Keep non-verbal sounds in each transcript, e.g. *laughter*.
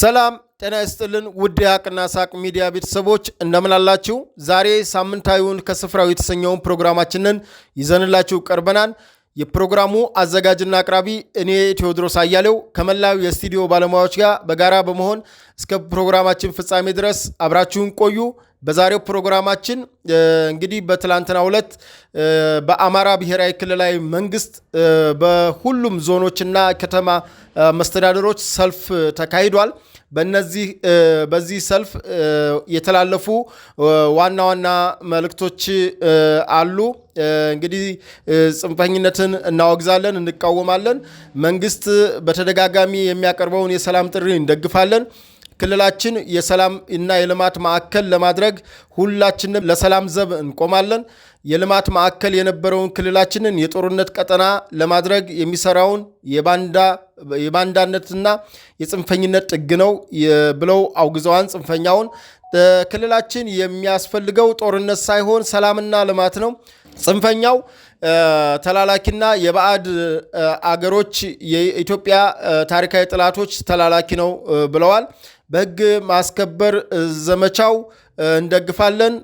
ሰላም ጤና ይስጥልን ውድ ያቅና ሳቅ ሚዲያ ቤተሰቦች እንደምን አላችሁ? ዛሬ ሳምንታዊውን ከስፍራው የተሰኘውን ፕሮግራማችንን ይዘንላችሁ ቀርበናል። የፕሮግራሙ አዘጋጅና አቅራቢ እኔ ቴዎድሮስ አያሌው ከመላው የስቱዲዮ ባለሙያዎች ጋር በጋራ በመሆን እስከ ፕሮግራማችን ፍጻሜ ድረስ አብራችሁን ቆዩ። በዛሬው ፕሮግራማችን እንግዲህ በትላንትናው ዕለት በአማራ ብሔራዊ ክልላዊ መንግስት በሁሉም ዞኖችና ከተማ መስተዳደሮች ሰልፍ ተካሂዷል። በነዚህ በዚህ ሰልፍ የተላለፉ ዋና ዋና መልእክቶች አሉ። እንግዲህ ጽንፈኝነትን እናወግዛለን፣ እንቃወማለን። መንግስት በተደጋጋሚ የሚያቀርበውን የሰላም ጥሪ እንደግፋለን። ክልላችን የሰላም እና የልማት ማዕከል ለማድረግ ሁላችንም ለሰላም ዘብ እንቆማለን። የልማት ማዕከል የነበረውን ክልላችንን የጦርነት ቀጠና ለማድረግ የሚሰራውን የባንዳነትና የጽንፈኝነት ጥግ ነው ብለው አውግዘዋን ጽንፈኛውን ክልላችን የሚያስፈልገው ጦርነት ሳይሆን ሰላምና ልማት ነው። ጽንፈኛው ተላላኪና የባዕድ አገሮች የኢትዮጵያ ታሪካዊ ጥላቶች ተላላኪ ነው ብለዋል። በህግ ማስከበር ዘመቻው እንደግፋለን፣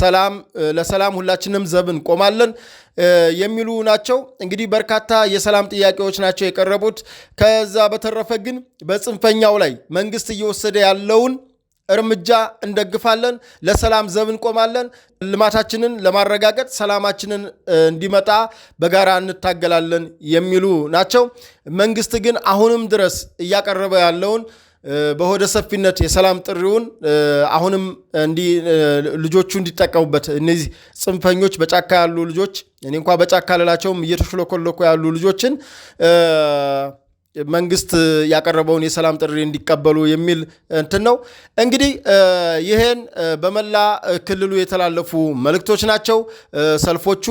ሰላም ለሰላም ሁላችንም ዘብ እንቆማለን የሚሉ ናቸው። እንግዲህ በርካታ የሰላም ጥያቄዎች ናቸው የቀረቡት። ከዛ በተረፈ ግን በጽንፈኛው ላይ መንግስት እየወሰደ ያለውን እርምጃ እንደግፋለን። ለሰላም ዘብ እንቆማለን። ልማታችንን ለማረጋገጥ ሰላማችንን እንዲመጣ በጋራ እንታገላለን የሚሉ ናቸው። መንግስት ግን አሁንም ድረስ እያቀረበ ያለውን በሆደ ሰፊነት የሰላም ጥሪውን አሁንም ልጆቹ እንዲጠቀሙበት እነዚህ ጽንፈኞች በጫካ ያሉ ልጆች እኔ እንኳ በጫካ ልላቸውም እየተሽለኮለኮ ያሉ ልጆችን መንግስት ያቀረበውን የሰላም ጥሪ እንዲቀበሉ የሚል እንትን ነው። እንግዲህ ይህን በመላ ክልሉ የተላለፉ መልእክቶች ናቸው። ሰልፎቹ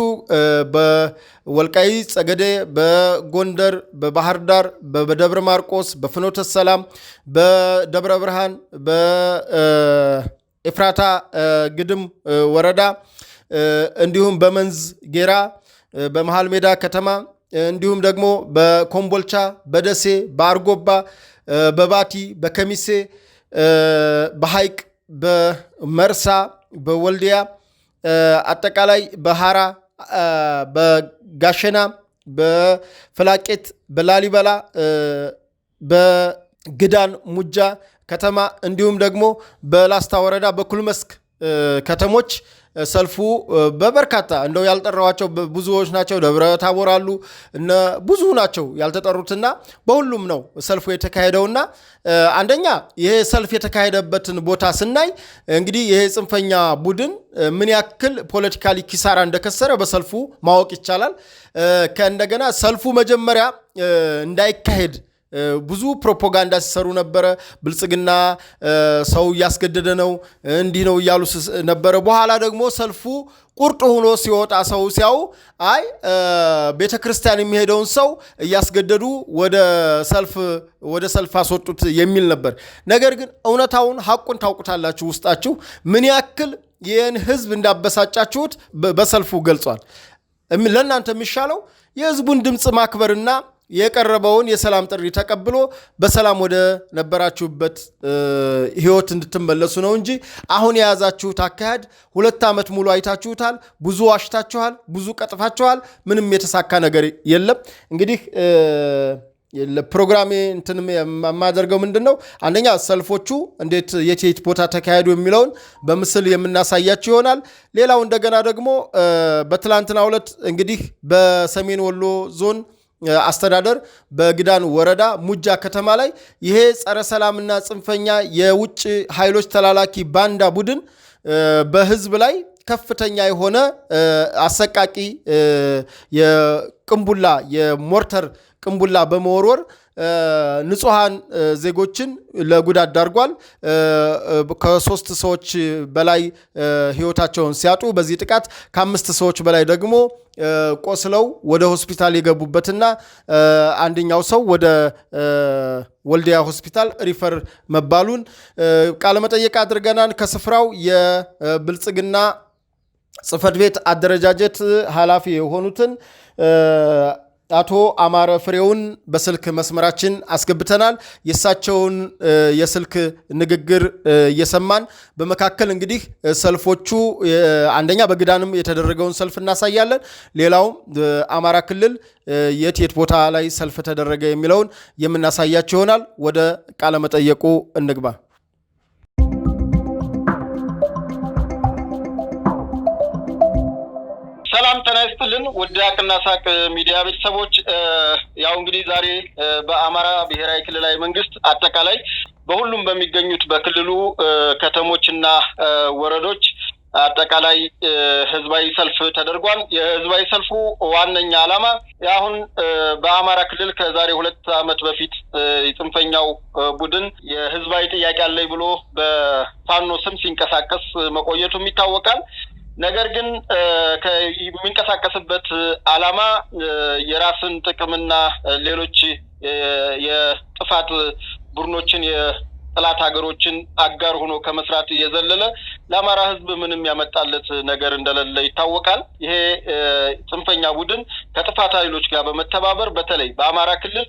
በወልቃይ ጸገዴ፣ በጎንደር፣ በባህር ዳር፣ በደብረ ማርቆስ፣ በፍኖተ ሰላም፣ በደብረ ብርሃን፣ በኤፍራታ ግድም ወረዳ እንዲሁም በመንዝ ጌራ፣ በመሃል ሜዳ ከተማ እንዲሁም ደግሞ በኮምቦልቻ፣ በደሴ፣ በአርጎባ፣ በባቲ፣ በከሚሴ፣ በሐይቅ፣ በመርሳ፣ በወልዲያ አጠቃላይ በሐራ፣ በጋሸና፣ በፍላቄት፣ በላሊበላ፣ በግዳን ሙጃ ከተማ እንዲሁም ደግሞ በላስታ ወረዳ በኩልመስክ ከተሞች ሰልፉ በበርካታ እንደው ያልጠራዋቸው ብዙዎች ናቸው። ደብረ ታቦር አሉ ብዙ ናቸው ያልተጠሩትና በሁሉም ነው ሰልፉ የተካሄደውና አንደኛ ይሄ ሰልፍ የተካሄደበትን ቦታ ስናይ እንግዲህ ይሄ ጽንፈኛ ቡድን ምን ያክል ፖለቲካሊ ኪሳራ እንደከሰረ በሰልፉ ማወቅ ይቻላል። ከእንደገና ሰልፉ መጀመሪያ እንዳይካሄድ ብዙ ፕሮፓጋንዳ ሲሰሩ ነበረ። ብልጽግና ሰው እያስገደደ ነው እንዲህ ነው እያሉ ነበረ። በኋላ ደግሞ ሰልፉ ቁርጥ ሆኖ ሲወጣ ሰው ሲያው አይ ቤተ ክርስቲያን የሚሄደውን ሰው እያስገደዱ ወደ ሰልፍ ወደ ሰልፍ አስወጡት የሚል ነበር። ነገር ግን እውነታውን ሐቁን ታውቁታላችሁ። ውስጣችሁ ምን ያክል ይህን ህዝብ እንዳበሳጫችሁት በሰልፉ ገልጿል። ለእናንተ የሚሻለው የህዝቡን ድምፅ ማክበርና የቀረበውን የሰላም ጥሪ ተቀብሎ በሰላም ወደ ነበራችሁበት ህይወት እንድትመለሱ ነው እንጂ አሁን የያዛችሁት አካሄድ ሁለት ዓመት ሙሉ አይታችሁታል። ብዙ ዋሽታችኋል፣ ብዙ ቀጥፋችኋል። ምንም የተሳካ ነገር የለም። እንግዲህ ፕሮግራሜ እንትን የማደርገው ምንድን ነው፣ አንደኛ ሰልፎቹ እንዴት የት የት ቦታ ተካሄዱ የሚለውን በምስል የምናሳያችሁ ይሆናል። ሌላው እንደገና ደግሞ በትላንትና ሁለት እንግዲህ በሰሜን ወሎ ዞን አስተዳደር በግዳን ወረዳ ሙጃ ከተማ ላይ ይሄ ጸረ ሰላምና ጽንፈኛ የውጭ ኃይሎች ተላላኪ ባንዳ ቡድን በህዝብ ላይ ከፍተኛ የሆነ አሰቃቂ የቅንቡላ የሞርተር ቅንቡላ በመወርወር ንጹሐን ዜጎችን ለጉዳት ዳርጓል። ከሶስት ሰዎች በላይ ህይወታቸውን ሲያጡ በዚህ ጥቃት ከአምስት ሰዎች በላይ ደግሞ ቆስለው ወደ ሆስፒታል የገቡበትና አንደኛው ሰው ወደ ወልዲያ ሆስፒታል ሪፈር መባሉን ቃለመጠየቅ አድርገናል። ከስፍራው የብልጽግና ጽህፈት ቤት አደረጃጀት ኃላፊ የሆኑትን አቶ አማረ ፍሬውን በስልክ መስመራችን አስገብተናል። የእሳቸውን የስልክ ንግግር እየሰማን በመካከል እንግዲህ ሰልፎቹ አንደኛ በግዳንም የተደረገውን ሰልፍ እናሳያለን። ሌላውም አማራ ክልል የት የት ቦታ ላይ ሰልፍ ተደረገ የሚለውን የምናሳያቸው ይሆናል። ወደ ቃለመጠየቁ እንግባ። ሰላም ጤና ይስጥልን ውድ ሀቅና ሳቅ ሚዲያ ቤተሰቦች፣ ያው እንግዲህ ዛሬ በአማራ ብሔራዊ ክልላዊ መንግስት አጠቃላይ በሁሉም በሚገኙት በክልሉ ከተሞችና ወረዶች አጠቃላይ ህዝባዊ ሰልፍ ተደርጓል። የህዝባዊ ሰልፉ ዋነኛ ዓላማ አሁን በአማራ ክልል ከዛሬ ሁለት ዓመት በፊት የጽንፈኛው ቡድን የህዝባዊ ጥያቄ አለኝ ብሎ በፋኖ ስም ሲንቀሳቀስ መቆየቱም ይታወቃል። ነገር ግን የሚንቀሳቀስበት አላማ የራስን ጥቅምና ሌሎች የጥፋት ቡድኖችን የጥላት ሀገሮችን አጋር ሆኖ ከመስራት እየዘለለ ለአማራ ህዝብ ምንም ያመጣለት ነገር እንደሌለ ይታወቃል። ይሄ ጽንፈኛ ቡድን ከጥፋት ኃይሎች ጋር በመተባበር በተለይ በአማራ ክልል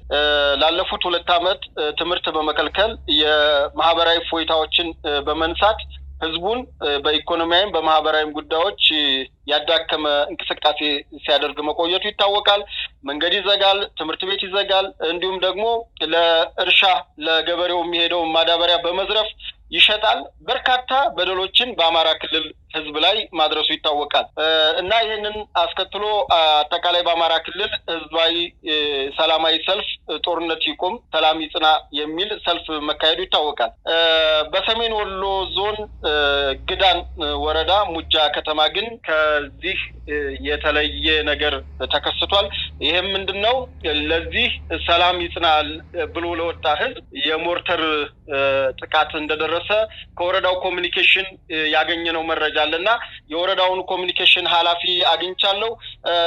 ላለፉት ሁለት አመት ትምህርት በመከልከል የማህበራዊ ፎይታዎችን በመንሳት ህዝቡን በኢኮኖሚያዊም በማህበራዊም ጉዳዮች ያዳከመ እንቅስቃሴ ሲያደርግ መቆየቱ ይታወቃል። መንገድ ይዘጋል፣ ትምህርት ቤት ይዘጋል። እንዲሁም ደግሞ ለእርሻ ለገበሬው የሚሄደውን ማዳበሪያ በመዝረፍ ይሸጣል። በርካታ በደሎችን በአማራ ክልል ህዝብ ላይ ማድረሱ ይታወቃል እና ይህንን አስከትሎ አጠቃላይ በአማራ ክልል ህዝባዊ ሰላማዊ ሰልፍ ጦርነት ይቁም፣ ሰላም ይጽና የሚል ሰልፍ መካሄዱ ይታወቃል። በሰሜን ወሎ ዞን ግዳን ወረዳ ሙጃ ከተማ ግን ከዚህ የተለየ ነገር ተከስቷል። ይህም ምንድን ነው? ለዚህ ሰላም ይጽና ብሎ ለወጣ ህዝብ የሞርተር ጥቃት እንደደረሰ ከወረዳው ኮሚኒኬሽን ያገኘነው መረጃ ይላል እና የወረዳውን ኮሚኒኬሽን ኃላፊ አግኝቻለሁ።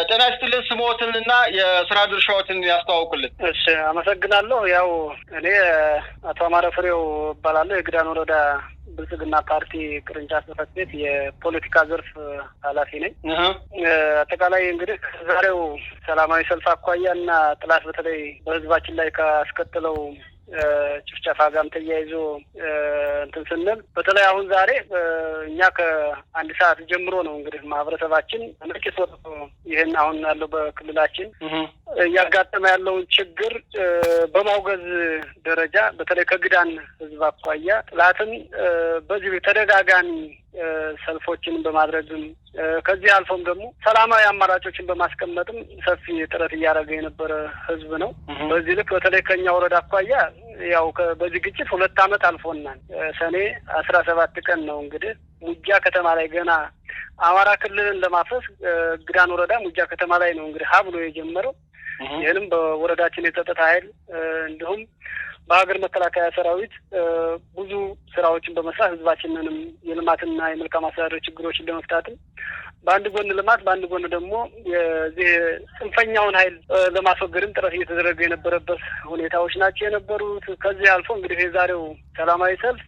ጤና ይስጥልን፣ ስሞትን እና የስራ ድርሻዎትን ያስተዋውቁልን። እሺ፣ አመሰግናለሁ። ያው እኔ አቶ አማረ ፍሬው እባላለሁ የግዳን ወረዳ ብልጽግና ፓርቲ ቅርንጫፍ ጽሕፈት ቤት የፖለቲካ ዘርፍ ኃላፊ ነኝ። አጠቃላይ እንግዲህ ዛሬው ሰላማዊ ሰልፍ አኳያ እና ጥላት በተለይ በህዝባችን ላይ ካስከተለው ጭፍጨፋ ጋርም ተያይዞ እንትን ስንል በተለይ አሁን ዛሬ እኛ ከአንድ ሰዓት ጀምሮ ነው እንግዲህ ማህበረሰባችን ነቂስ ወጥቶ ይህን አሁን ያለው በክልላችን እያጋጠመ ያለውን ችግር በማውገዝ ደረጃ በተለይ ከግዳን ህዝብ አኳያ ጥላትን በዚህ ተደጋጋሚ ሰልፎችን በማድረግም ከዚህ አልፎም ደግሞ ሰላማዊ አማራጮችን በማስቀመጥም ሰፊ ጥረት እያደረገ የነበረ ህዝብ ነው። በዚህ ልክ በተለይ ከኛ ወረዳ አኳያ ያው በዚህ ግጭት ሁለት ዓመት አልፎናል። ሰኔ አስራ ሰባት ቀን ነው እንግዲህ ሙጃ ከተማ ላይ ገና አማራ ክልልን ለማፍረስ ግዳን ወረዳ ሙጃ ከተማ ላይ ነው እንግዲህ ሀ ብሎ የጀመረው ይህንም በወረዳችን የጸጥታ ኃይል እንዲሁም በሀገር መከላከያ ሰራዊት ብዙ ስራዎችን በመስራት ህዝባችንንም የልማትና የመልካም አስተዳደር ችግሮችን ለመፍታትም በአንድ ጎን ልማት፣ በአንድ ጎን ደግሞ የዚህ ጽንፈኛውን ኃይል ለማስወገድም ጥረት እየተደረገ የነበረበት ሁኔታዎች ናቸው የነበሩት። ከዚህ አልፎ እንግዲህ የዛሬው ሰላማዊ ሰልፍ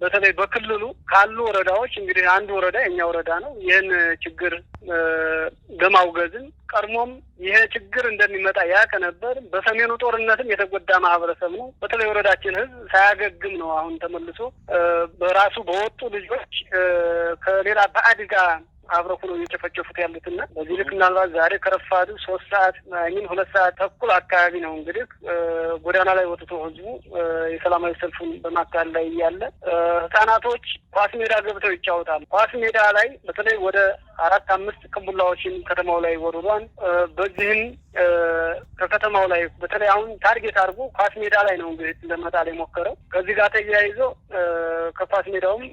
በተለይ በክልሉ ካሉ ወረዳዎች እንግዲህ አንድ ወረዳ የኛ ወረዳ ነው። ይህን ችግር በማውገዝም ቀድሞም ይሄ ችግር እንደሚመጣ ያቀ ነበር። በሰሜኑ ጦርነትም የተጎዳ ማህበረሰብ ነው። በተለይ ወረዳችን ህዝብ ሳያገግም ነው አሁን ተመልሶ በራሱ በወጡ ልጆች ከሌላ በአድጋ አብረ ሆነው እየጨፈጨፉት ያሉትና በዚህ ልክ ምናልባት ዛሬ ከረፋዱ ሶስት ሰዓት ይህን ሁለት ሰዓት ተኩል አካባቢ ነው እንግዲህ ጎዳና ላይ ወጥቶ ህዝቡ የሰላማዊ ሰልፉን በማካል ላይ እያለ ህጻናቶች ኳስ ሜዳ ገብተው ይጫወታሉ። ኳስ ሜዳ ላይ በተለይ ወደ አራት አምስት ቅንቡላዎችን ከተማው ላይ ወርዷል። በዚህም ከከተማው ላይ በተለይ አሁን ታርጌት አድርጎ ኳስ ሜዳ ላይ ነው እንግዲህ ለመጣል የሞከረው። ከዚህ ጋር ተያይዞ ከኳስ ሜዳውም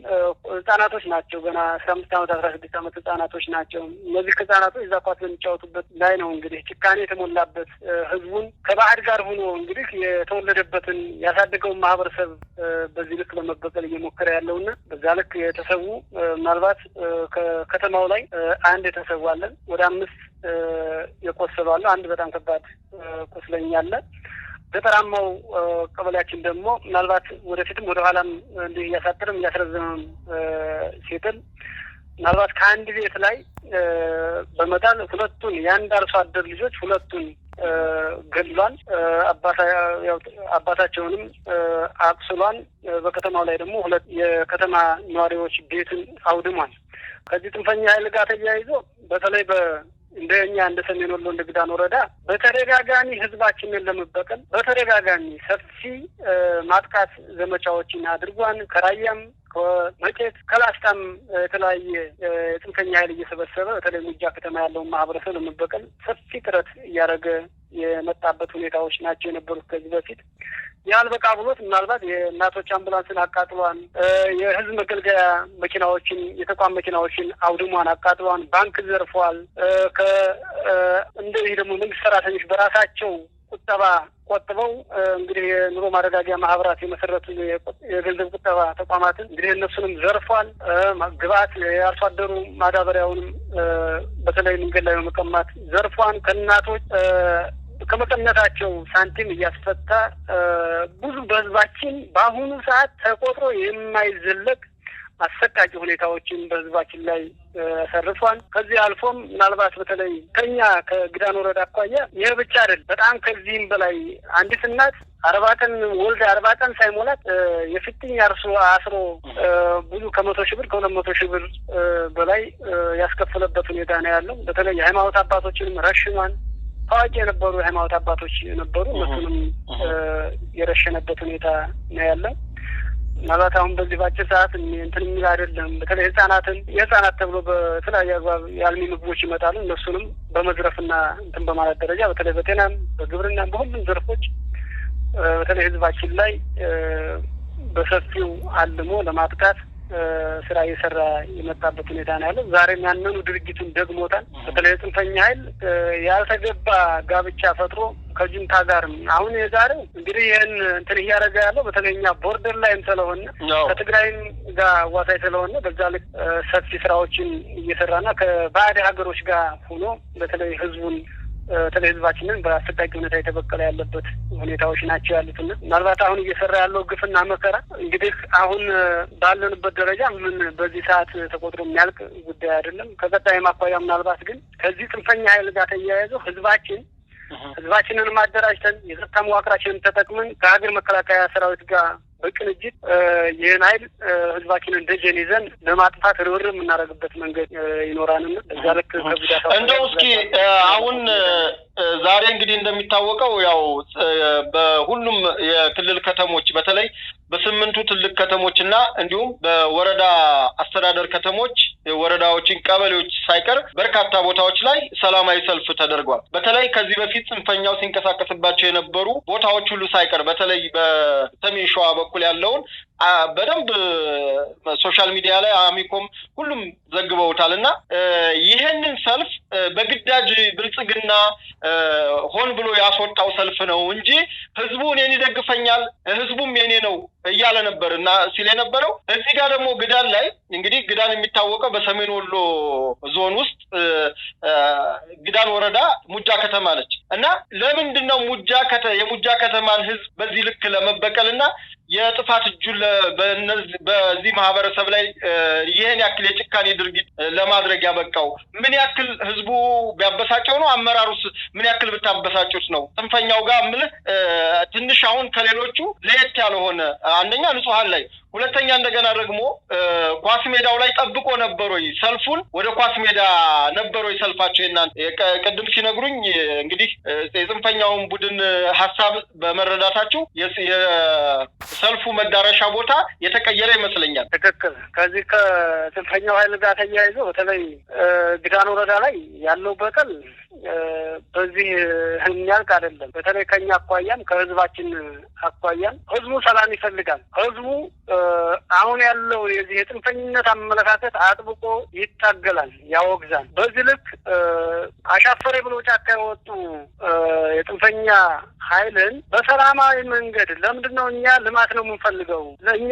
ህጻናቶች ናቸው ገና አስራ አምስት ዓመት አስራ ስድስት ዓመት ህጻናቶች ናቸው። እነዚህ ህጻናቶች እዛ ኳስ በሚጫወቱበት ላይ ነው እንግዲህ ጭካኔ የተሞላበት ህዝቡን ከባህድ ጋር ሆኖ እንግዲህ የተወለደበትን ያሳደገውን ማህበረሰብ በዚህ ልክ ለመበቀል እየሞከረ ያለውና በዛ ልክ የተሰዉ ምናልባት ከከተማው ላይ አንድ የተሰዋለን ወደ አምስት የቆሰሉ አሉ። አንድ በጣም ከባድ ቁስለኛ አለ። ገጠራማው ቀበሌያችን ደግሞ ምናልባት ወደፊትም ወደኋላም እንዲህ እያሳጥርም እያስረዘመም ሲጥል ምናልባት ከአንድ ቤት ላይ በመጣል ሁለቱን የአንድ አርሶ አደር ልጆች ሁለቱን ገድሏል። አባታቸውንም አቁስሏል። በከተማው ላይ ደግሞ ሁለት የከተማ ነዋሪዎች ቤትን አውድሟል። ከዚህ ጽንፈኛ ኃይል ጋር ተያይዞ በተለይ በ እንደ እኛ እንደ ሰሜን ወሎ እንደ ግዳን ወረዳ በተደጋጋሚ ህዝባችንን ለመበቀል በተደጋጋሚ ሰፊ ማጥቃት ዘመቻዎችን አድርጓን ከራያም መቄት ከላስታም የተለያየ ጽንፈኛ ኃይል እየሰበሰበ በተለይ ሙጃ ከተማ ያለውን ማህበረሰብ ለመበቀል ሰፊ ጥረት እያደረገ የመጣበት ሁኔታዎች ናቸው የነበሩት ከዚህ በፊት ያልበቃ ብሎት ምናልባት የእናቶች አምቡላንስን አቃጥሏን፣ የህዝብ መገልገያ መኪናዎችን፣ የተቋም መኪናዎችን አውድሟን፣ አቃጥሏን፣ ባንክ ዘርፏል። ከእንደዚህ ደግሞ መንግስት ሰራተኞች በራሳቸው ቁጠባ ቆጥበው እንግዲህ የኑሮ ማረጋጊያ ማህበራት የመሰረቱ የገንዘብ ቁጠባ ተቋማትን እንግዲህ እነሱንም ዘርፏል። ግብአት የአርሶ አደሩ ማዳበሪያውንም በተለይ መንገድ ላይ በመቀማት ዘርፏን ከእናቶች ከመቀነታቸው ሳንቲም እያስፈታ ብዙ በህዝባችን በአሁኑ ሰዓት ተቆጥሮ የማይዘለቅ አሰቃቂ ሁኔታዎችን በህዝባችን ላይ ሰርቷል። ከዚህ አልፎም ምናልባት በተለይ ከኛ ከግዳን ወረዳ አኳያ ይህ ብቻ አይደል፣ በጣም ከዚህም በላይ አንዲት እናት አርባ ቀን ወልድ አርባ ቀን ሳይሞላት የፍትኝ አርሶ አስሮ ብዙ ከመቶ ሺህ ብር ከሁለት መቶ ሺህ ብር በላይ ያስከፈለበት ሁኔታ ነው ያለው። በተለይ የሃይማኖት አባቶችንም ረሽኗል። ታዋቂ የነበሩ የሃይማኖት አባቶች ነበሩ። እነሱንም የረሸነበት ሁኔታ ነው ያለው። ምናልባት አሁን በዚህ ባጭር ሰዓት እንትን የሚል አይደለም። በተለይ ህጻናትን የህጻናት ተብሎ በተለያዩ አግባብ የአልሚ ምግቦች ይመጣሉ። እነሱንም በመዝረፍና እንትን በማለት ደረጃ በተለይ በጤናም በግብርናም በሁሉም ዘርፎች በተለይ ህዝባችን ላይ በሰፊው አልሞ ለማጥቃት ስራ እየሰራ የመጣበት ሁኔታ ነው ያለው። ዛሬም ያንኑ ድርጊቱን ደግሞታል። በተለይ ጽንፈኛ ኃይል ያልተገባ ጋብቻ ፈጥሮ ከጁንታ ጋር አሁን የዛሬው እንግዲህ ይህን እንትን እያደረገ ያለው በተለይኛ ቦርደር ላይም ስለሆነ ከትግራይም ጋር አዋሳኝ ስለሆነ በዛ ልክ ሰፊ ስራዎችን እየሰራና ከባዕድ ሀገሮች ጋር ሆኖ በተለይ ህዝቡን በተለይ ህዝባችንን በአስጠቃቂ ሁኔታ የተበቀለ ያለበት ሁኔታዎች ናቸው ያሉትና ምናልባት አሁን እየሰራ ያለው ግፍና መከራ እንግዲህ አሁን ባለንበት ደረጃ ምን በዚህ ሰዓት ተቆጥሮ የሚያልቅ ጉዳይ አይደለም። ከቀጣይ ማኳያ ምናልባት ግን ከዚህ ጽንፈኛ ኃይል ጋር ተያያዘው ህዝባችን ህዝባችንን አደራጅተን የጸጥታ መዋቅራችንን ተጠቅመን ከሀገር መከላከያ ሰራዊት ጋር በቅንጅት ይህን ኃይል ህዝባችንን ደጀን ይዘን ለማጥፋት ርብር የምናደርግበት መንገድ ይኖራንም። እዛ ልክ ከጉዳት እንደው እስኪ አሁን ዛሬ እንግዲህ እንደሚታወቀው ያው በሁሉም የክልል ከተሞች በተለይ በስምንቱ ትልቅ ከተሞች እና እንዲሁም በወረዳ አስተዳደር ከተሞች ወረዳዎችን፣ ቀበሌዎች ሳይቀር በርካታ ቦታዎች ላይ ሰላማዊ ሰልፍ ተደርጓል። በተለይ ከዚህ በፊት ጽንፈኛው ሲንቀሳቀስባቸው የነበሩ ቦታዎች ሁሉ ሳይቀር በተለይ በሰሜን ሸዋ በኩል ያለውን በደንብ ሶሻል ሚዲያ ላይ አሚኮም ሁሉም ዘግበውታል እና ይህንን ሰልፍ በግዳጅ ብልጽግና ሆን ብሎ ያስወጣው ሰልፍ ነው እንጂ ህዝቡ እኔን ይደግፈኛል፣ ህዝቡም የኔ ነው እያለ ነበር እና ሲል የነበረው እዚህ ጋር ደግሞ ግዳን ላይ እንግዲህ ግዳን የሚታወቀው በሰሜን ወሎ ዞን ውስጥ ግዳን ወረዳ ሙጃ ከተማ ነች እና ለምንድን ነው ሙጃ የሙጃ ከተማን ህዝብ በዚህ ልክ ለመበቀል እና የጥፋት እጁን በዚህ ማህበረሰብ ላይ ይህን ያክል የጭካኔ ድርጊት ለማድረግ ያበቃው ምን ያክል ህዝቡ ቢያበሳጨው ነው? አመራሩስ ምን ያክል ብታበሳጩት ነው? ጽንፈኛው ጋር ምልህ ትንሽ አሁን ከሌሎቹ ለየት ያልሆነ አንደኛ ንጹሀን ላይ ሁለተኛ እንደገና ደግሞ ኳስ ሜዳው ላይ ጠብቆ ነበሮይ ሰልፉን ወደ ኳስ ሜዳ ነበሮይ ሰልፋቸው ናን ቅድም ሲነግሩኝ እንግዲህ የጽንፈኛውን ቡድን ሀሳብ በመረዳታቸው የሰልፉ መዳረሻ ቦታ የተቀየረ ይመስለኛል። ትክክል። ከዚህ ከጽንፈኛው ሀይል ጋር ተያይዞ በተለይ ግዳን ወረዳ ላይ ያለው በቀል በዚህ የሚያልቅ አይደለም። በተለይ ከኛ አኳያም ከህዝባችን አኳያም ህዝቡ ሰላም ይፈልጋል። ህዝቡ አሁን ያለው የዚህ የጥንፈኝነት አመለካከት አጥብቆ ይታገላል፣ ያወግዛል። በዚህ ልክ አሻፈሬ ብሎ ጫካ የወጡ የጥንፈኛ ኃይልን በሰላማዊ መንገድ ለምንድን ነው እኛ ልማት ነው የምንፈልገው፣ እኛ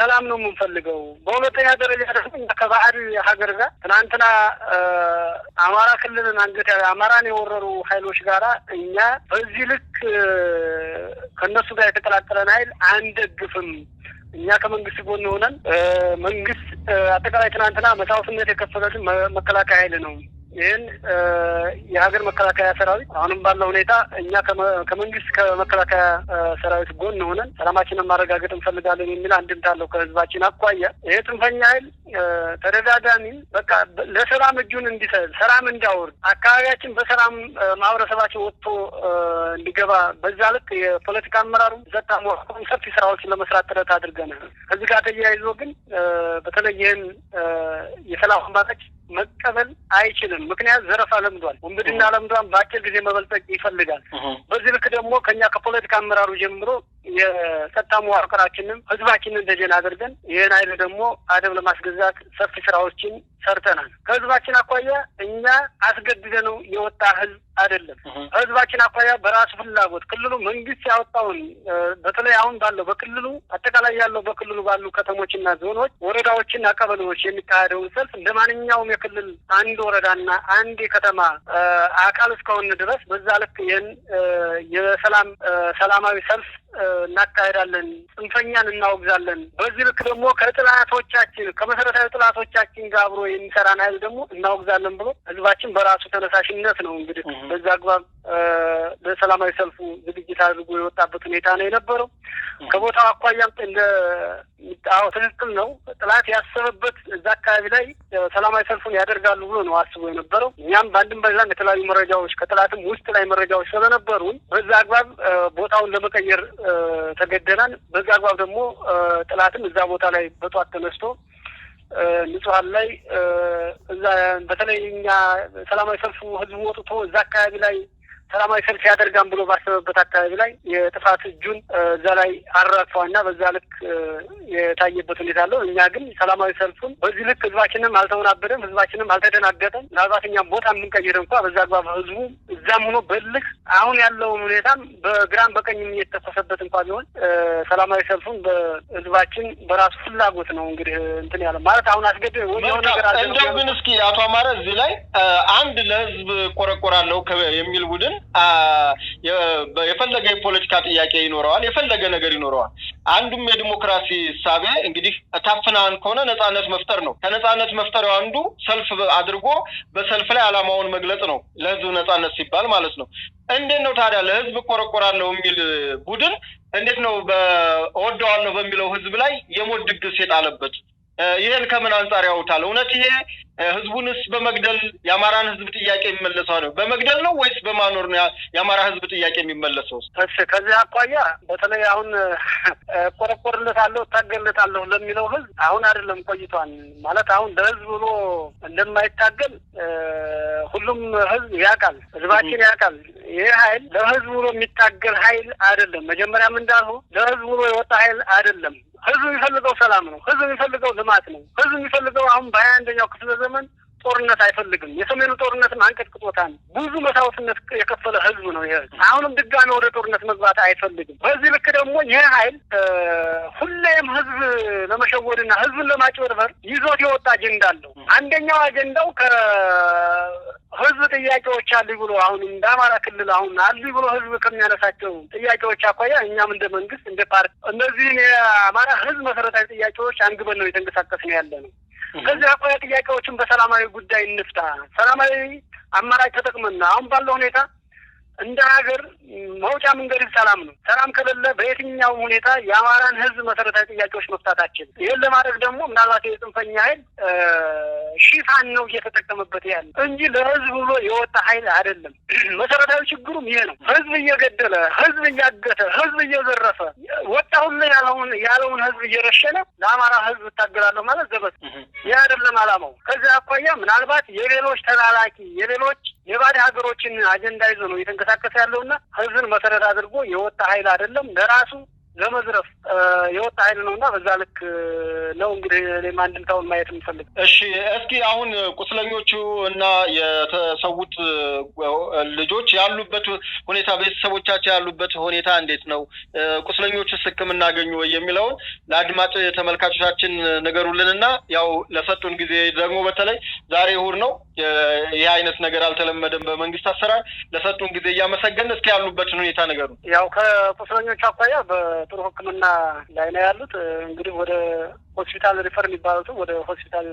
ሰላም ነው የምንፈልገው። በሁለተኛ ደረጃ ደግሞ ከባዕድ ሀገር ጋር ትናንትና አማራ ክልልን አንገት አማራን የወረሩ ኃይሎች ጋራ እኛ በዚህ ልክ ከእነሱ ጋር የተቀላቀለን ኃይል አንደግፍም እኛ ከመንግስት ጎን ሆነን መንግስት አጠቃላይ ትናንትና መስዋዕትነት የከፈለልን መከላከያ ኃይል ነው ይህን የሀገር መከላከያ ሰራዊት አሁንም ባለው ሁኔታ እኛ ከመንግስት ከመከላከያ ሰራዊት ጎን ሆነን ሰላማችንን ማረጋገጥ እንፈልጋለን የሚል አንድምታ አለው ከህዝባችን አኳያ። ይሄ ጽንፈኛ ኃይል ተደጋጋሚ በቃ ለሰላም እጁን እንዲሰል ሰላም እንዲያወርድ አካባቢያችን በሰላም ማህበረሰባችን ወጥቶ እንዲገባ በዛ ልክ የፖለቲካ አመራሩ ዘታ መሆን ሰፊ ስራዎችን ለመስራት ጥረት አድርገናል። ከዚህ ጋር ተያይዞ ግን በተለይ ይህን የሰላም አማራጭ መቀበል አይችልም። ምክንያት ዘረፋ ለምዷል፣ ውንብድና ለምዷን በአጭር ጊዜ መበልጠቅ ይፈልጋል። በዚህ ልክ ደግሞ ከኛ ከፖለቲካ አመራሩ ጀምሮ የጸጥታ መዋቅራችንም ህዝባችንን ደጀን አድርገን ይህን ኃይል ደግሞ አደብ ለማስገዛት ሰፊ ስራዎችን ሰርተናል። ከህዝባችን አኳያ እኛ አስገድደ ነው የወጣ ህዝብ አይደለም። ህዝባችን አኳያ በራሱ ፍላጎት ክልሉ መንግስት ያወጣውን በተለይ አሁን ባለው በክልሉ አጠቃላይ ያለው በክልሉ ባሉ ከተሞችና ዞኖች፣ ወረዳዎችና ቀበሌዎች የሚካሄደውን ሰልፍ እንደ ማንኛውም የክልል አንድ ወረዳና አንድ የከተማ አካል እስከሆነ ድረስ በዛ ልክ ይህን የሰላም ሰላማዊ ሰልፍ እናካሄዳለን፣ ጽንፈኛን እናወግዛለን። በዚህ ልክ ደግሞ ከጥላቶቻችን ከመሰረታዊ ጥላቶቻችን ጋር አብሮ የሚሰራን ኃይል ደግሞ እናወግዛለን ብሎ ህዝባችን በራሱ ተነሳሽነት ነው እንግዲህ በዚ አግባብ በሰላማዊ ሰልፉ ዝግጅት አድርጎ የወጣበት ሁኔታ ነው የነበረው። ከቦታው አኳያም እንደ አዎ ትክክል ነው። ጥላት ያሰበበት እዛ አካባቢ ላይ ሰላማዊ ሰልፉን ያደርጋሉ ብሎ ነው አስቦ የነበረው። እኛም በአንድም በዛም የተለያዩ መረጃዎች ከጥላትም ውስጥ ላይ መረጃዎች ስለነበሩን በዛ አግባብ ቦታውን ለመቀየር ተገደናል። በዚህ አግባብ ደግሞ ጥላትም እዛ ቦታ ላይ በጧት ተነስቶ ንጹሀን ላይ እዛ በተለይ እኛ ሰላማዊ ሰልፉ ህዝቡ ወጥቶ እዛ አካባቢ ላይ ሰላማዊ ሰልፍ ያደርጋን ብሎ ባሰበበት አካባቢ ላይ የጥፋት እጁን እዛ ላይ አራግፏና በዛ ልክ የታየበት ሁኔታ አለው። እኛ ግን ሰላማዊ ሰልፉን በዚህ ልክ ህዝባችንም አልተወናበደም፣ ህዝባችንም አልተደናገጠም። ምናልባት እኛም ቦታ የምንቀይር እንኳ በዛ አግባብ ህዝቡ እዛም ሆኖ በልክ አሁን ያለውን ሁኔታም በግራም በቀኝም እየተተኮሰበት እንኳ ቢሆን ሰላማዊ ሰልፉን በህዝባችን በራሱ ፍላጎት ነው እንግዲህ እንትን ያለ ማለት አሁን አስገድ እንደው ግን እስኪ አቶ አማረ እዚህ ላይ አንድ ለህዝብ ቆረቆራለሁ የሚል ቡድን የፈለገ የፖለቲካ ጥያቄ ይኖረዋል፣ የፈለገ ነገር ይኖረዋል። አንዱም የዲሞክራሲ እሳቤ እንግዲህ ታፍናን ከሆነ ነጻነት መፍጠር ነው። ከነጻነት መፍጠሪያው አንዱ ሰልፍ አድርጎ በሰልፍ ላይ ዓላማውን መግለጽ ነው፣ ለህዝብ ነጻነት ሲባል ማለት ነው። እንዴት ነው ታዲያ ለህዝብ እቆረቆራለሁ የሚል ቡድን እንዴት ነው በወደዋለሁ በሚለው ህዝብ ላይ የሞት ድግስ የጣለበት ይሄን ከምን አንጻር ያውታል? እውነት ይሄ ህዝቡንስ በመግደል የአማራን ህዝብ ጥያቄ የሚመለሰው ነው? በመግደል ነው ወይስ በማኖር ነው የአማራ ህዝብ ጥያቄ የሚመለሰው? እሺ፣ ከዚህ አኳያ በተለይ አሁን ቆረቆርለታለሁ፣ እታገልለታለሁ ለሚለው ህዝብ አሁን አይደለም ቆይቷን ማለት አሁን ለህዝብ ብሎ እንደማይታገል ሁሉም ህዝብ ያውቃል፣ ህዝባችን ያውቃል። ይሄ ሀይል ለህዝብ ብሎ የሚታገል ሀይል አይደለም። መጀመሪያም እንዳልሁ ለህዝብ ብሎ የወጣ ሀይል አይደለም። ህዝብ የሚፈልገው ሰላም ነው። ህዝብ የሚፈልገው ልማት ነው። ህዝብ የሚፈልገው አሁን በሀያ አንደኛው ክፍለ ዘመን ጦርነት አይፈልግም። የሰሜኑ ጦርነትም አንቀጥቅጦታል። ብዙ መስዋዕትነት የከፈለ ህዝብ ነው። ይህ አሁንም ድጋሚ ወደ ጦርነት መግባት አይፈልግም። በዚህ ልክ ደግሞ ይህ ኃይል ሁሌም ህዝብ ለመሸወድና ህዝብን ለማጭበርበር ይዞት የወጣ አጀንዳ አለው። አንደኛው አጀንዳው ከ ህዝብ ጥያቄዎች አሉ ብሎ አሁን እንደ አማራ ክልል አሁን አሉ ብሎ ህዝብ ከሚያነሳቸው ጥያቄዎች አኳያ እኛም እንደ መንግስት እንደ ፓርቲ እነዚህን የአማራ ህዝብ መሰረታዊ ጥያቄዎች አንግበን ነው የተንቀሳቀስ ነው ያለ ነው። ከዚህ አኳያ ጥያቄዎችን በሰላማዊ ጉዳይ እንፍታ። ሰላማዊ አማራጭ ተጠቅመና አሁን ባለው ሁኔታ እንደ ሀገር መውጫ መንገድ ሰላም ነው። ሰላም ከሌለ በየትኛውም ሁኔታ የአማራን ህዝብ መሰረታዊ ጥያቄዎች መፍታታችን ይህን ለማድረግ ደግሞ ምናልባት የጽንፈኛ ኃይል ሽፋን ነው እየተጠቀመበት ያለ እንጂ ለህዝብ ብሎ የወጣ ኃይል አይደለም። *clears throat* መሰረታዊ ችግሩም ይሄ ነው። ህዝብ እየገደለ፣ ህዝብ እያገተ፣ ህዝብ እየዘረፈ ወጣሁን ያለውን ያለውን ህዝብ እየረሸነ ለአማራ ህዝብ እታገላለሁ ማለት ዘበት ይህ አይደለም አላማው። ከዚህ አኳያ ምናልባት የሌሎች ተላላኪ የሌሎች የባዕድ ሀገሮችን አጀንዳ ይዞ ነው የተንቀ እየተንቀሳቀሰ ያለውና ህዝብን መሰረት አድርጎ የወጣ ሀይል አይደለም። ለራሱ ለመዝረፍ የወጣ ኃይል ነው እና በዛ ልክ ነው እንግዲህ እኔም አንድምታውን ማየት የምፈልግ። እሺ እስኪ አሁን ቁስለኞቹ እና የተሰዉት ልጆች ያሉበት ሁኔታ ቤተሰቦቻቸው ያሉበት ሁኔታ እንዴት ነው? ቁስለኞቹስ ሕክምና አገኙ ወይ የሚለውን ለአድማጭ ተመልካቾቻችን ንገሩልን እና ያው ለሰጡን ጊዜ ደግሞ በተለይ ዛሬ እሑድ ነው፣ ይህ አይነት ነገር አልተለመደም በመንግስት አሰራር። ለሰጡን ጊዜ እያመሰገን እስኪ ያሉበትን ሁኔታ ንገሩን። ያው ከቁስለኞቹ አኳያ ጥሩ ሕክምና ላይ ነው ያሉት። እንግዲህ ወደ ሆስፒታል ሪፈር የሚባሉት ወደ ሆስፒታል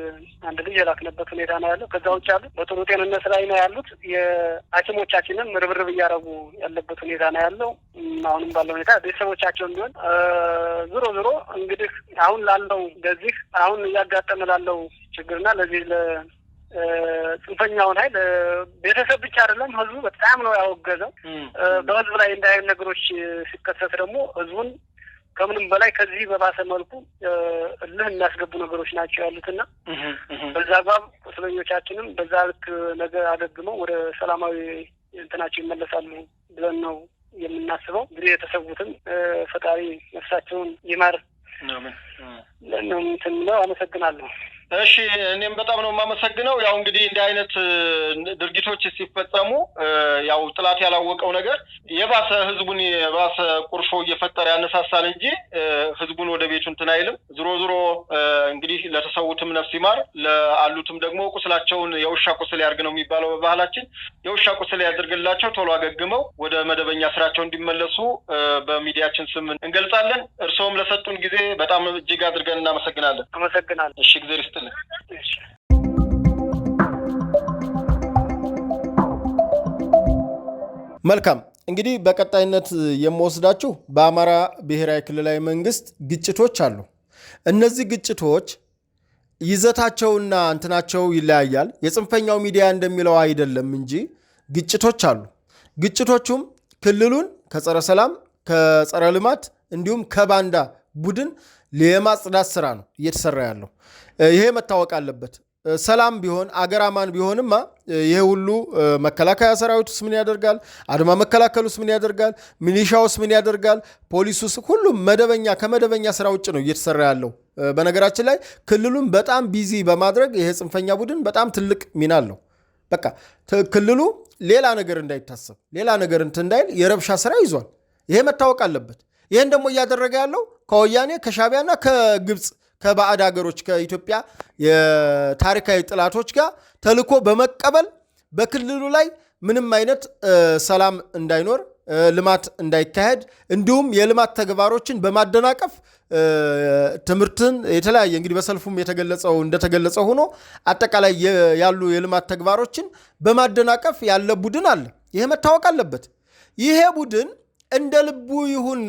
አንድ ልጅ የላክንበት ሁኔታ ነው ያለው። ከዛ ውጭ ያሉት በጥሩ ጤንነት ላይ ነው ያሉት። የሐኪሞቻችንም ርብርብ እያደረጉ ያለበት ሁኔታ ነው ያለው። አሁንም ባለው ሁኔታ ቤተሰቦቻቸውን ቢሆን ዞሮ ዞሮ እንግዲህ አሁን ላለው ለዚህ አሁን እያጋጠመ ላለው ችግርና ለዚህ ጽንፈኛውን ኃይል ቤተሰብ ብቻ አይደለም ህዝቡ በጣም ነው ያወገዘው። በህዝብ ላይ እንደ አይነት ነገሮች ሲከሰት ደግሞ ህዝቡን ከምንም በላይ ከዚህ በባሰ መልኩ እልህ የሚያስገቡ ነገሮች ናቸው ያሉትና በዛ አግባብ ቁስለኞቻችንም በዛ ልክ ነገ አገግመው ወደ ሰላማዊ እንትናቸው ይመለሳሉ ብለን ነው የምናስበው። እንግዲህ የተሰዉትም ፈጣሪ ነፍሳቸውን ይማር ነው ምንትን አመሰግናለሁ። እሺ እኔም በጣም ነው የማመሰግነው። ያው እንግዲህ እንዲህ አይነት ድርጊቶች ሲፈጸሙ ያው ጥላት ያላወቀው ነገር የባሰ ህዝቡን የባሰ ቁርሾ እየፈጠረ ያነሳሳል እንጂ ህዝቡን ወደ ቤቱ እንትን አይልም። ዝሮ ዝሮ እንግዲህ ለተሰዉትም ነፍስ ይማር፣ ለአሉትም ደግሞ ቁስላቸውን የውሻ ቁስል ያድርግ ነው የሚባለው በባህላችን። የውሻ ቁስል ያድርግላቸው፣ ቶሎ አገግመው ወደ መደበኛ ስራቸው እንዲመለሱ በሚዲያችን ስም እንገልጻለን። እርስዎም ለሰጡን ጊዜ በጣም እጅግ አድርገን እናመሰግናለን። አመሰግናለን። እሺ ጊዜ እንገናኛለን። መልካም እንግዲህ በቀጣይነት የምወስዳችሁ በአማራ ብሔራዊ ክልላዊ መንግስት ግጭቶች አሉ። እነዚህ ግጭቶች ይዘታቸውና እንትናቸው ይለያያል። የጽንፈኛው ሚዲያ እንደሚለው አይደለም እንጂ ግጭቶች አሉ። ግጭቶቹም ክልሉን ከጸረ ሰላም፣ ከጸረ ልማት እንዲሁም ከባንዳ ቡድን የማጽዳት ስራ ነው እየተሰራ ያለው። ይሄ መታወቅ አለበት። ሰላም ቢሆን አገር አማን ቢሆንማ ይሄ ሁሉ መከላከያ ሰራዊቱስ ምን ያደርጋል? አድማ መከላከሉስ ምን ያደርጋል? ሚሊሻውስ ምን ያደርጋል? ፖሊሱስ? ሁሉም መደበኛ ከመደበኛ ስራ ውጭ ነው እየተሰራ ያለው። በነገራችን ላይ ክልሉን በጣም ቢዚ በማድረግ ይሄ ጽንፈኛ ቡድን በጣም ትልቅ ሚና አለው። በቃ ክልሉ ሌላ ነገር እንዳይታሰብ፣ ሌላ ነገር እንትን እንዳይል የረብሻ ስራ ይዟል። ይሄ መታወቅ አለበት። ይህን ደግሞ እያደረገ ያለው ከወያኔ ከሻቢያና ከግብፅ ከባዕድ ሀገሮች ከኢትዮጵያ የታሪካዊ ጥላቶች ጋር ተልዕኮ በመቀበል በክልሉ ላይ ምንም አይነት ሰላም እንዳይኖር ልማት እንዳይካሄድ እንዲሁም የልማት ተግባሮችን በማደናቀፍ ትምህርትን የተለያየ እንግዲህ በሰልፉም የተገለጸው እንደተገለጸ ሆኖ አጠቃላይ ያሉ የልማት ተግባሮችን በማደናቀፍ ያለ ቡድን አለ። ይሄ መታወቅ አለበት። ይሄ ቡድን እንደ ልቡ ይሁን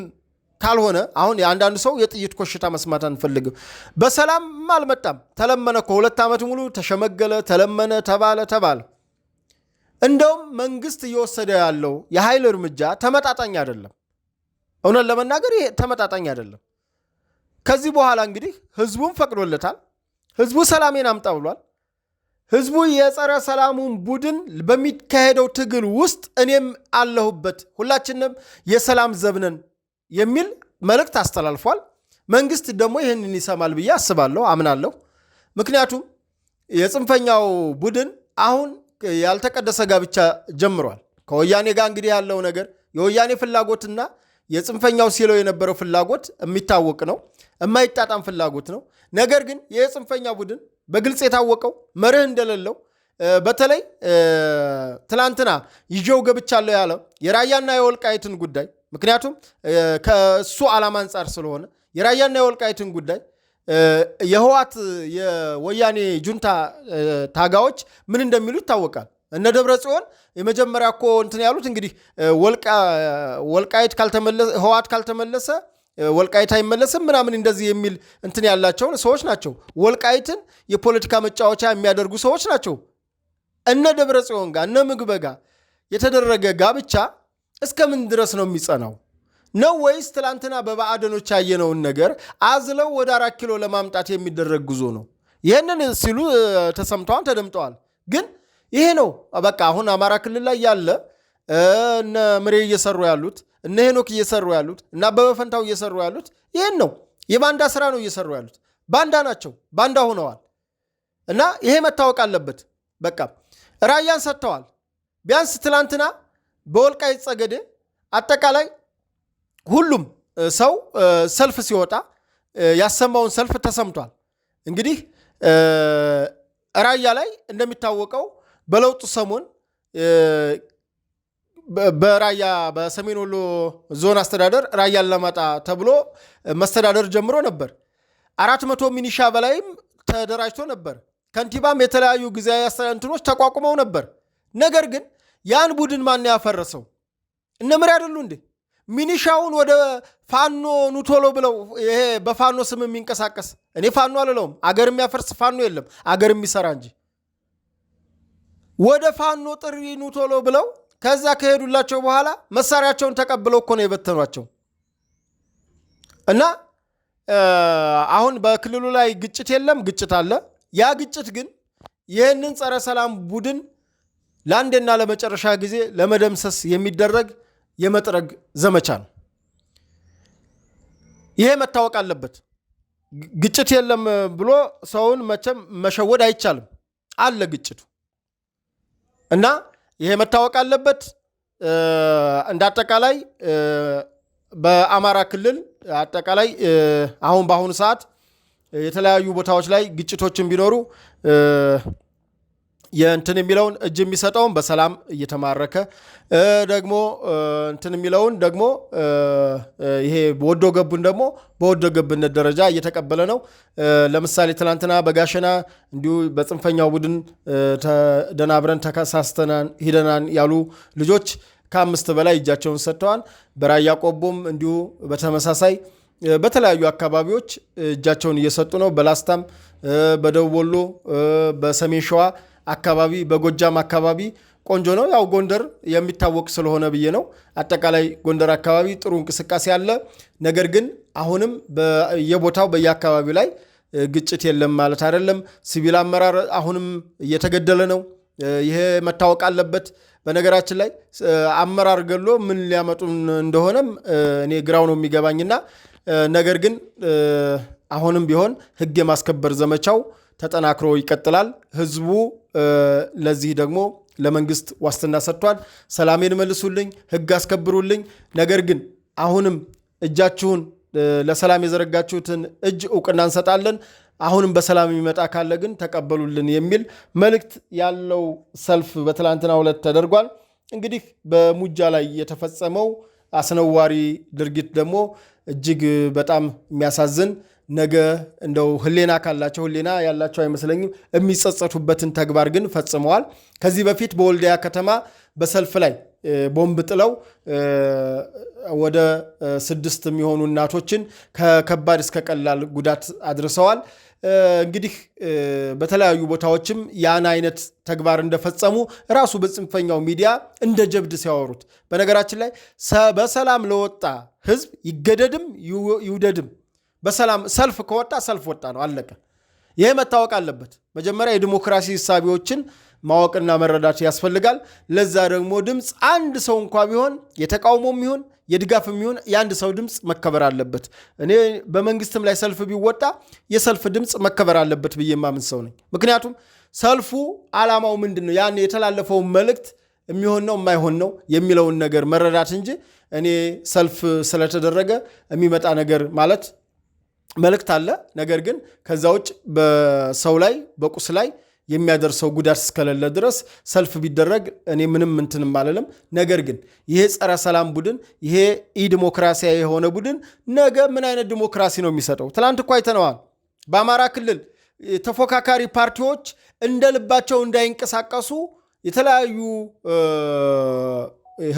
ካልሆነ አሁን የአንዳንድ ሰው የጥይት ኮሽታ መስማት አንፈልግም። በሰላም አልመጣም። ተለመነ እኮ ሁለት ዓመት ሙሉ ተሸመገለ፣ ተለመነ፣ ተባለ ተባለ። እንደውም መንግስት እየወሰደ ያለው የኃይል እርምጃ ተመጣጣኝ አይደለም። እውነት ለመናገር ይሄ ተመጣጣኝ አይደለም። ከዚህ በኋላ እንግዲህ ህዝቡም ፈቅዶለታል። ህዝቡ ሰላሜን አምጣ ብሏል። ህዝቡ የጸረ ሰላሙን ቡድን በሚካሄደው ትግል ውስጥ እኔም አለሁበት፣ ሁላችንም የሰላም ዘብነን የሚል መልእክት አስተላልፏል። መንግስት ደግሞ ይህንን ይሰማል ብዬ አስባለሁ፣ አምናለሁ። ምክንያቱም የጽንፈኛው ቡድን አሁን ያልተቀደሰ ጋብቻ ጀምሯል። ከወያኔ ጋር እንግዲህ ያለው ነገር የወያኔ ፍላጎትና የጽንፈኛው ሲለው የነበረው ፍላጎት የሚታወቅ ነው፣ የማይጣጣም ፍላጎት ነው። ነገር ግን ይህ ጽንፈኛ ቡድን በግልጽ የታወቀው መርህ እንደሌለው በተለይ ትላንትና ይዤው ገብቻለሁ ያለው የራያና የወልቃይትን ጉዳይ ምክንያቱም ከእሱ ዓላማ አንጻር ስለሆነ የራያና የወልቃይትን ጉዳይ የህዋት የወያኔ ጁንታ ታጋዎች ምን እንደሚሉ ይታወቃል። እነ ደብረ ጽዮን የመጀመሪያ እኮ እንትን ያሉት እንግዲህ ወልቃይት ህዋት ካልተመለሰ ወልቃይት አይመለስም ምናምን እንደዚህ የሚል እንትን ያላቸውን ሰዎች ናቸው። ወልቃይትን የፖለቲካ መጫወቻ የሚያደርጉ ሰዎች ናቸው። እነ ደብረ ጽዮን ጋር እነ ምግበ ጋር የተደረገ ጋብቻ እስከ ምን ድረስ ነው የሚጸናው ነው ወይስ ትላንትና በባዕደኖች ያየነውን ነገር አዝለው ወደ አራት ኪሎ ለማምጣት የሚደረግ ጉዞ ነው? ይህንን ሲሉ ተሰምተዋል፣ ተደምጠዋል። ግን ይሄ ነው በቃ አሁን አማራ ክልል ላይ ያለ እነ ምሬ እየሰሩ ያሉት እነ ሄኖክ እየሰሩ ያሉት እና በበፈንታው እየሰሩ ያሉት ይህን ነው። የባንዳ ስራ ነው እየሰሩ ያሉት። ባንዳ ናቸው፣ ባንዳ ሆነዋል። እና ይሄ መታወቅ አለበት። በቃ ራያን ሰጥተዋል። ቢያንስ ትላንትና በወልቃይት ጸገዴ አጠቃላይ ሁሉም ሰው ሰልፍ ሲወጣ ያሰማውን ሰልፍ ተሰምቷል። እንግዲህ ራያ ላይ እንደሚታወቀው በለውጡ ሰሞን በራያ በሰሜን ወሎ ዞን አስተዳደር ራያን ለማጣ ተብሎ መስተዳደር ጀምሮ ነበር። አራት መቶ ሚኒሻ በላይም ተደራጅቶ ነበር። ከንቲባም የተለያዩ ጊዜያዊ አስተዳደር እንትኖች ተቋቁመው ነበር። ነገር ግን ያን ቡድን ማን ያፈረሰው? እነ መሪ አይደሉ እንዴ? ሚኒሻውን ወደ ፋኖ ኑቶሎ ብለው ይሄ በፋኖ ስም የሚንቀሳቀስ እኔ ፋኖ አልለውም። አገር የሚያፈርስ ፋኖ የለም፣ አገር የሚሰራ እንጂ ወደ ፋኖ ጥሪ ኑቶሎ ብለው ከዛ ከሄዱላቸው በኋላ መሳሪያቸውን ተቀብለው እኮ ነው የበተኗቸው። እና አሁን በክልሉ ላይ ግጭት የለም፣ ግጭት አለ። ያ ግጭት ግን ይህንን ጸረ ሰላም ቡድን ለአንዴና ለመጨረሻ ጊዜ ለመደምሰስ የሚደረግ የመጥረግ ዘመቻ ነው። ይሄ መታወቅ አለበት። ግጭት የለም ብሎ ሰውን መቼም መሸወድ አይቻልም። አለ ግጭቱ እና ይሄ መታወቅ አለበት። እንደ አጠቃላይ በአማራ ክልል አጠቃላይ አሁን በአሁኑ ሰዓት የተለያዩ ቦታዎች ላይ ግጭቶችን ቢኖሩ የእንትን የሚለውን እጅ የሚሰጠውን በሰላም እየተማረከ ደግሞ እንትን የሚለውን ደግሞ ይሄ ወዶ ገቡን ደግሞ በወዶ ገብነት ደረጃ እየተቀበለ ነው። ለምሳሌ ትናንትና በጋሸና እንዲሁ በጽንፈኛው ቡድን ደናብረን ተከሳስተናን ሂደናን ያሉ ልጆች ከአምስት በላይ እጃቸውን ሰጥተዋል። በራያ ቆቦም እንዲሁ በተመሳሳይ በተለያዩ አካባቢዎች እጃቸውን እየሰጡ ነው። በላስታም፣ በደቡብ ወሎ፣ በሰሜን ሸዋ አካባቢ በጎጃም አካባቢ ቆንጆ ነው። ያው ጎንደር የሚታወቅ ስለሆነ ብዬ ነው። አጠቃላይ ጎንደር አካባቢ ጥሩ እንቅስቃሴ አለ። ነገር ግን አሁንም በየቦታው በየአካባቢው ላይ ግጭት የለም ማለት አይደለም። ሲቪል አመራር አሁንም እየተገደለ ነው። ይሄ መታወቅ አለበት። በነገራችን ላይ አመራር ገሎ ምን ሊያመጡ እንደሆነም እኔ ግራው ነው የሚገባኝና ነገር ግን አሁንም ቢሆን ህግ የማስከበር ዘመቻው ተጠናክሮ ይቀጥላል። ህዝቡ ለዚህ ደግሞ ለመንግስት ዋስትና ሰጥቷል። ሰላሜን መልሱልኝ፣ ህግ አስከብሩልኝ። ነገር ግን አሁንም እጃችሁን ለሰላም የዘረጋችሁትን እጅ እውቅና እንሰጣለን። አሁንም በሰላም የሚመጣ ካለ ግን ተቀበሉልን የሚል መልእክት ያለው ሰልፍ በትላንትና ሁለት ተደርጓል። እንግዲህ በሙጃ ላይ የተፈጸመው አስነዋሪ ድርጊት ደግሞ እጅግ በጣም የሚያሳዝን ነገ እንደው ህሌና ካላቸው ህሌና ያላቸው አይመስለኝም የሚጸጸቱበትን ተግባር ግን ፈጽመዋል። ከዚህ በፊት በወልዲያ ከተማ በሰልፍ ላይ ቦምብ ጥለው ወደ ስድስት የሚሆኑ እናቶችን ከከባድ እስከ ቀላል ጉዳት አድርሰዋል። እንግዲህ በተለያዩ ቦታዎችም ያን አይነት ተግባር እንደፈጸሙ ራሱ በጽንፈኛው ሚዲያ እንደ ጀብድ ሲያወሩት፣ በነገራችን ላይ በሰላም ለወጣ ህዝብ ይገደድም ይውደድም በሰላም ሰልፍ ከወጣ ሰልፍ ወጣ ነው፣ አለቀ። ይህ መታወቅ አለበት። መጀመሪያ የዲሞክራሲ ሳቢዎችን ማወቅና መረዳት ያስፈልጋል። ለዛ ደግሞ ድምፅ አንድ ሰው እንኳ ቢሆን የተቃውሞም ይሁን የድጋፍ የሚሆን የአንድ ሰው ድምፅ መከበር አለበት። እኔ በመንግስትም ላይ ሰልፍ ቢወጣ የሰልፍ ድምፅ መከበር አለበት ብዬ ማምን ሰው ነኝ። ምክንያቱም ሰልፉ አላማው ምንድን ነው፣ ያን የተላለፈውን መልእክት የሚሆን ነው የማይሆን ነው የሚለውን ነገር መረዳት እንጂ እኔ ሰልፍ ስለተደረገ የሚመጣ ነገር ማለት መልእክት አለ። ነገር ግን ከዛ ውጭ በሰው ላይ በቁስ ላይ የሚያደርሰው ጉዳት እስከሌለ ድረስ ሰልፍ ቢደረግ እኔ ምንም እንትንም አለለም። ነገር ግን ይሄ ጸረ ሰላም ቡድን ይሄ ኢዲሞክራሲ የሆነ ቡድን ነገ ምን አይነት ዲሞክራሲ ነው የሚሰጠው? ትናንት እኮ አይተነዋል። በአማራ ክልል ተፎካካሪ ፓርቲዎች እንደ ልባቸው እንዳይንቀሳቀሱ የተለያዩ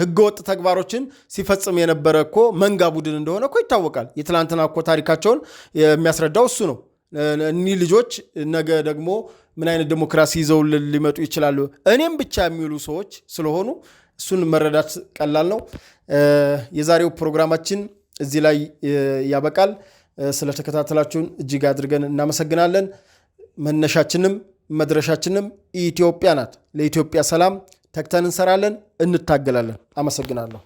ህገወጥ ተግባሮችን ሲፈጽም የነበረ እኮ መንጋ ቡድን እንደሆነ እኮ ይታወቃል። የትላንትና እኮ ታሪካቸውን የሚያስረዳው እሱ ነው። እኒህ ልጆች ነገ ደግሞ ምን አይነት ዴሞክራሲ ይዘው ሊመጡ ይችላሉ? እኔም ብቻ የሚውሉ ሰዎች ስለሆኑ እሱን መረዳት ቀላል ነው። የዛሬው ፕሮግራማችን እዚህ ላይ ያበቃል። ስለተከታተላችሁን እጅግ አድርገን እናመሰግናለን። መነሻችንም መድረሻችንም ኢትዮጵያ ናት። ለኢትዮጵያ ሰላም ተግተን እንሰራለን፣ እንታገላለን። አመሰግናለሁ።